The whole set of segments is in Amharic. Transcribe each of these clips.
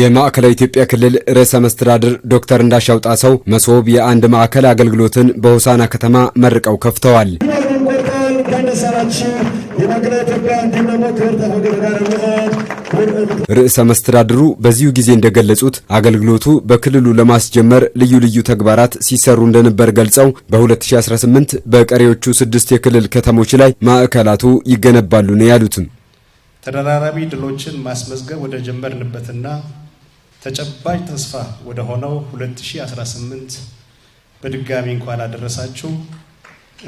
የማዕከላዊ ኢትዮጵያ ክልል ርዕሰ መስተዳድር ዶክተር እንዳሻው ጣሰው መሶብ የአንድ ማዕከል አገልግሎትን በሆሳና ከተማ መርቀው ከፍተዋል። ርዕሰ መስተዳድሩ በዚሁ ጊዜ እንደገለጹት አገልግሎቱ በክልሉ ለማስጀመር ልዩ ልዩ ተግባራት ሲሰሩ እንደነበር ገልጸው በ2018 በቀሪዎቹ ስድስት የክልል ከተሞች ላይ ማዕከላቱ ይገነባሉ ነው ያሉትም ተደራራቢ ድሎችን ማስመዝገብ ወደ ጀመርንበትና ተጨባጭ ተስፋ ወደ ሆነው 2018 በድጋሚ እንኳን አደረሳችሁ።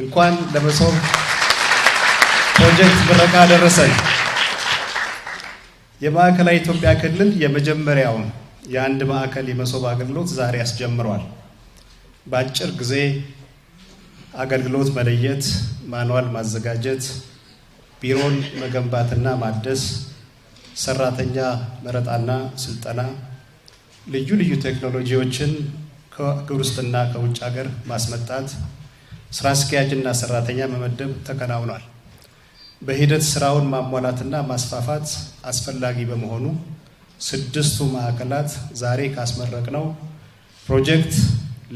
እንኳን ለመሶብ ፕሮጀክት ምረቃ አደረሰን። የማዕከላዊ ኢትዮጵያ ክልል የመጀመሪያውን የአንድ ማዕከል የመሶብ አገልግሎት ዛሬ አስጀምሯል። በአጭር ጊዜ አገልግሎት መለየት፣ ማንዋል ማዘጋጀት ቢሮን መገንባትና ማደስ፣ ሰራተኛ መረጣና ስልጠና፣ ልዩ ልዩ ቴክኖሎጂዎችን ከሀገር ውስጥና ከውጭ ሀገር ማስመጣት፣ ስራ አስኪያጅና ሰራተኛ መመደብ ተከናውኗል። በሂደት ስራውን ማሟላትና ማስፋፋት አስፈላጊ በመሆኑ ስድስቱ ማዕከላት ዛሬ ካስመረቅነው ፕሮጀክት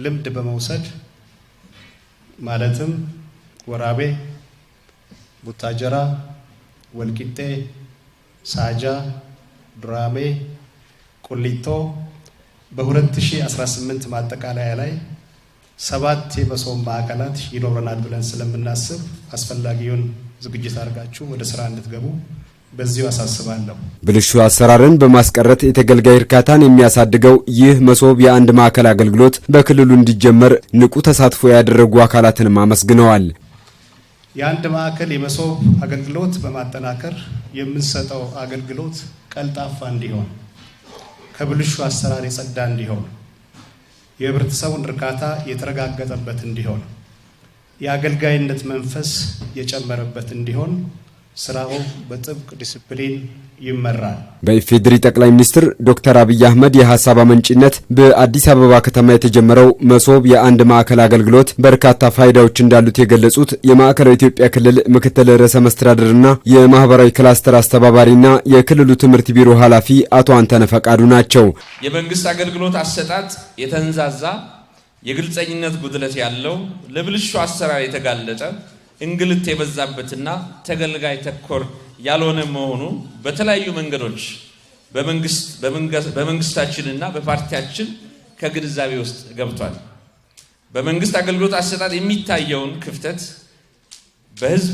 ልምድ በመውሰድ ማለትም ወራቤ ቡታጀራ፣ ወልቂጤ፣ ሳጃ፣ ዱራሜ፣ ቁሊቶ በ2018 ማጠቃለያ ላይ ሰባት የበሶም ማዕከላት ይኖረናል ብለን ስለምናስብ አስፈላጊውን ዝግጅት አድርጋችሁ ወደ ስራ እንድትገቡ በዚሁ አሳስባለሁ። ብልሹ አሰራርን በማስቀረት የተገልጋይ እርካታን የሚያሳድገው ይህ መሶብ የአንድ ማዕከል አገልግሎት በክልሉ እንዲጀመር ንቁ ተሳትፎ ያደረጉ አካላትንም አመስግነዋል። የአንድ ማዕከል የመሶብ አገልግሎት በማጠናከር የምንሰጠው አገልግሎት ቀልጣፋ እንዲሆን፣ ከብልሹ አሰራር የጸዳ እንዲሆን፣ የህብረተሰቡን እርካታ የተረጋገጠበት እንዲሆን፣ የአገልጋይነት መንፈስ የጨመረበት እንዲሆን ስራው በጥብቅ ዲስፕሊን ይመራል። በኢፌዴሪ ጠቅላይ ሚኒስትር ዶክተር አብይ አህመድ የሀሳብ አመንጭነት በአዲስ አበባ ከተማ የተጀመረው መሶብ የአንድ ማዕከል አገልግሎት በርካታ ፋይዳዎች እንዳሉት የገለጹት የማዕከላዊ ኢትዮጵያ ክልል ምክትል ርዕሰ መስተዳድርና የማህበራዊ ክላስተር አስተባባሪና የክልሉ ትምህርት ቢሮ ኃላፊ አቶ አንተነ ፈቃዱ ናቸው። የመንግስት አገልግሎት አሰጣጥ የተንዛዛ የግልጸኝነት ጉድለት ያለው ለብልሹ አሰራር የተጋለጠ እንግልት የበዛበትና ተገልጋይ ተኮር ያልሆነ መሆኑ በተለያዩ መንገዶች በመንግስታችንና በፓርቲያችን ከግንዛቤ ውስጥ ገብቷል። በመንግስት አገልግሎት አሰጣጥ የሚታየውን ክፍተት በህዝብ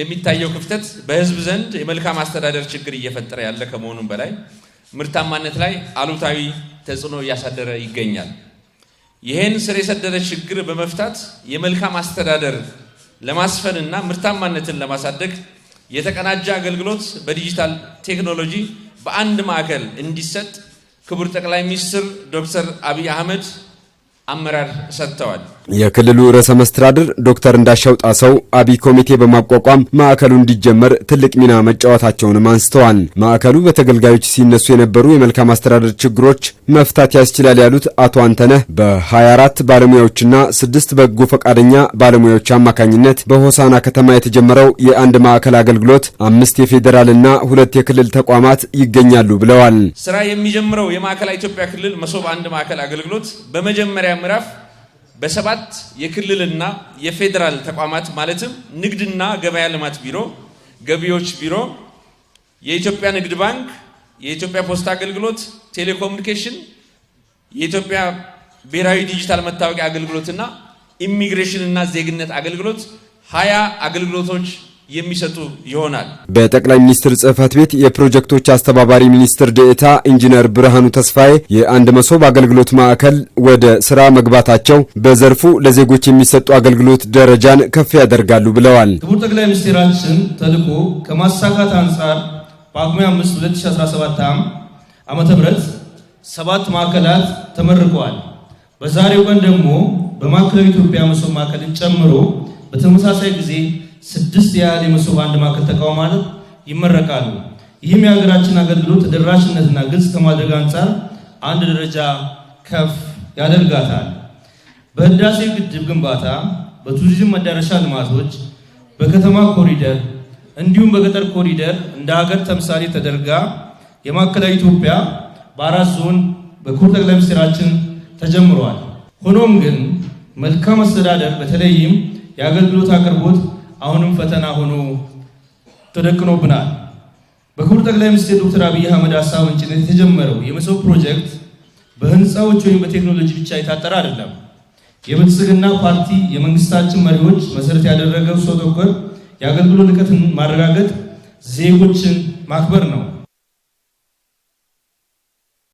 የሚታየው ክፍተት በህዝብ ዘንድ የመልካም አስተዳደር ችግር እየፈጠረ ያለ ከመሆኑም በላይ ምርታማነት ላይ አሉታዊ ተጽዕኖ እያሳደረ ይገኛል። ይህን ስር የሰደደ ችግር በመፍታት የመልካም አስተዳደር ለማስፈንና ምርታማነትን ለማሳደግ የተቀናጀ አገልግሎት በዲጂታል ቴክኖሎጂ በአንድ ማዕከል እንዲሰጥ ክቡር ጠቅላይ ሚኒስትር ዶክተር አብይ አህመድ አመራር ሰጥተዋል። የክልሉ ርዕሰ መስተዳድር ዶክተር እንዳሻው ጣሰው አቢ ኮሚቴ በማቋቋም ማዕከሉ እንዲጀመር ትልቅ ሚና መጫወታቸውንም አንስተዋል። ማዕከሉ በተገልጋዮች ሲነሱ የነበሩ የመልካም አስተዳደር ችግሮች መፍታት ያስችላል ያሉት አቶ አንተነህ በ24 ባለሙያዎችና ስድስት በጎ ፈቃደኛ ባለሙያዎች አማካኝነት በሆሳና ከተማ የተጀመረው የአንድ ማዕከል አገልግሎት አምስት የፌዴራልና ሁለት የክልል ተቋማት ይገኛሉ ብለዋል። ስራ የሚጀምረው የማዕከላዊ ኢትዮጵያ ክልል መሶብ አንድ ማዕከል አገልግሎት በመጀመሪያ ምዕራፍ በሰባት የክልልና የፌዴራል ተቋማት ማለትም ንግድና ገበያ ልማት ቢሮ፣ ገቢዎች ቢሮ፣ የኢትዮጵያ ንግድ ባንክ፣ የኢትዮጵያ ፖስታ አገልግሎት፣ ቴሌኮሙኒኬሽን፣ የኢትዮጵያ ብሔራዊ ዲጂታል መታወቂያ አገልግሎትና ኢሚግሬሽን ዜግነት አገልግሎት ሀያ አገልግሎቶች የሚሰጡ ይሆናል። በጠቅላይ ሚኒስትር ጽህፈት ቤት የፕሮጀክቶች አስተባባሪ ሚኒስትር ደኤታ ኢንጂነር ብርሃኑ ተስፋዬ የአንድ መሶብ አገልግሎት ማዕከል ወደ ስራ መግባታቸው በዘርፉ ለዜጎች የሚሰጡ አገልግሎት ደረጃን ከፍ ያደርጋሉ ብለዋል። ክቡር ጠቅላይ ሚኒስትራችን ተልዕኮ ከማሳካት አንጻር በጳጉሜ 5 2017 ዓመተ ምህረት ሰባት ማዕከላት ተመርቀዋል። በዛሬው ቀን ደግሞ በማዕከላዊ ኢትዮጵያ መሶብ ማዕከልን ጨምሮ በተመሳሳይ ጊዜ ስድስት ያህል የመሶብ አንድ ማዕከል ተቋማት ይመረቃሉ። ይህም የሀገራችን አገልግሎት ተደራሽነትና ግልጽ ከማድረግ አንጻር አንድ ደረጃ ከፍ ያደርጋታል። በህዳሴ ግድብ ግንባታ፣ በቱሪዝም መዳረሻ ልማቶች፣ በከተማ ኮሪደር እንዲሁም በገጠር ኮሪደር እንደ ሀገር ተምሳሌ ተደርጋ የማዕከላዊ ኢትዮጵያ በአራት ዞን በኩር ጠቅላይ ሚኒስትራችን ተጀምሯል። ሆኖም ግን መልካም አስተዳደር በተለይም የአገልግሎት አቅርቦት አሁንም ፈተና ሆኖ ተደቅኖብናል። በክቡር ጠቅላይ ሚኒስትር ዶክተር አብይ አህመድ ሀሳብ ምንጭነት የተጀመረው የመሶብ ፕሮጀክት በህንፃዎች ወይም በቴክኖሎጂ ብቻ የታጠረ አይደለም። የብልጽግና ፓርቲ የመንግስታችን መሪዎች መሰረት ያደረገው ሰው ተኮር የአገልግሎት ልቀትን ማረጋገጥ ዜጎችን ማክበር ነው።